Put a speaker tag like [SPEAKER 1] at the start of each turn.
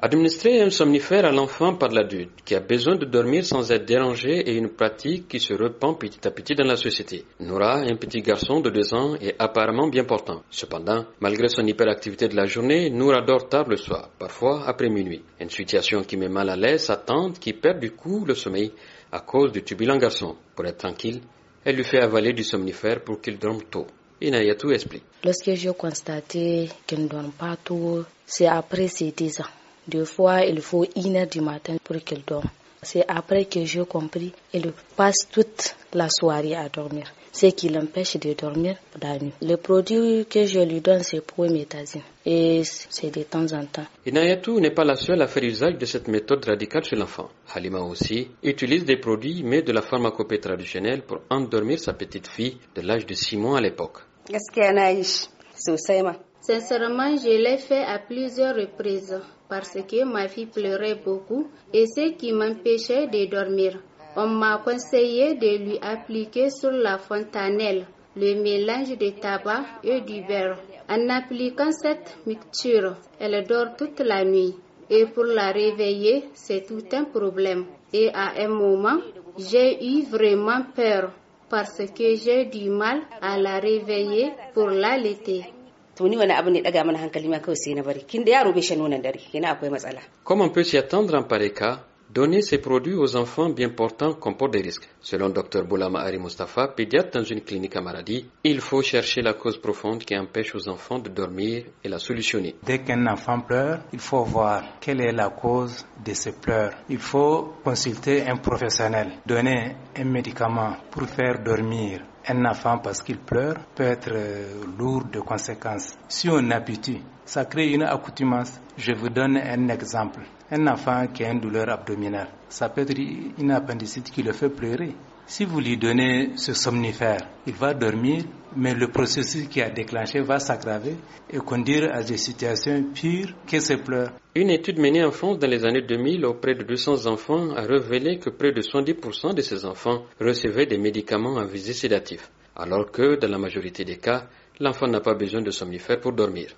[SPEAKER 1] Administrer un somnifère à l'enfant par l'adulte qui a besoin de dormir sans être dérangé est une pratique qui se répand petit à petit dans la société. Nora, un petit garçon de 2 ans, est apparemment bien portant. Cependant, malgré son hyperactivité de la journée, Nora dort tard le soir, parfois après minuit. Une situation qui met mal à l'aise sa tante qui perd du coup le sommeil à cause du tubulent garçon. Pour être tranquille, elle lui fait avaler du somnifère pour qu'il dorme tôt. Inayatou explique.
[SPEAKER 2] Lorsque j'ai constaté qu'il ne dorme pas tôt, c'est après ses 10 ans. Deux fois, il faut une heure du matin pour qu'il dorme. C'est après que j'ai compris, il passe toute la soirée à dormir, ce qui l'empêche de dormir la nuit. Le produit que je lui donne, c'est Pro-Métazine. et c'est de temps en temps.
[SPEAKER 1] Inayatou n'est pas la seule à faire usage de cette méthode radicale chez l'enfant. Halima aussi utilise des produits, mais de la pharmacopée traditionnelle pour endormir sa petite fille de l'âge de 6 mois à l'époque.
[SPEAKER 3] Qu'est-ce Sincèrement, je l'ai fait à plusieurs reprises parce que ma fille pleurait beaucoup et ce qui m'empêchait de dormir. On m'a conseillé de lui appliquer sur la fontanelle le mélange de tabac et du beurre. En appliquant cette mixture, elle dort toute la nuit et pour la réveiller, c'est tout un problème. Et à un moment, j'ai eu vraiment peur parce que j'ai du mal à la réveiller pour l'allaiter
[SPEAKER 1] comme on peut s'y attendre en pareil cas Donner ces produits aux enfants bien portants comporte des risques. Selon Dr Boulama Ari Mustafa, pédiatre dans une clinique à Maladie, il faut chercher la cause profonde qui empêche aux enfants de dormir et la solutionner.
[SPEAKER 4] Dès qu'un enfant pleure,
[SPEAKER 1] il faut voir quelle
[SPEAKER 4] est la cause de ses pleurs. Il faut consulter un professionnel, donner un médicament pour faire dormir un enfant parce qu'il pleure peut être euh, lourd de conséquences. Si on habitue, ça crée une accoutumance. Je vous donne un exemple. Un enfant qui a une douleur abdominale, ça peut être une appendicite qui le fait pleurer. Si vous lui donnez ce somnifère, il va dormir, mais le processus qui a déclenché va s'aggraver et conduire à des situations pires que ses pleurs.
[SPEAKER 1] Une étude menée en France dans les années 2000 auprès de 200 enfants a révélé que près de 70% de ces enfants recevaient des médicaments à visée sédative, alors que dans la majorité des cas, l'enfant n'a pas besoin de somnifère pour dormir.